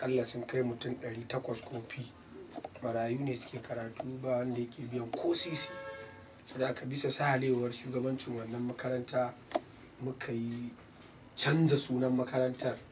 akalla sun kai mutum ɗari takwas ko kofi marayu ne suke karatu ba wanda yake biyan ko sisi da aka bisa sahalewar shugabancin wannan makaranta muka yi canza sunan makarantar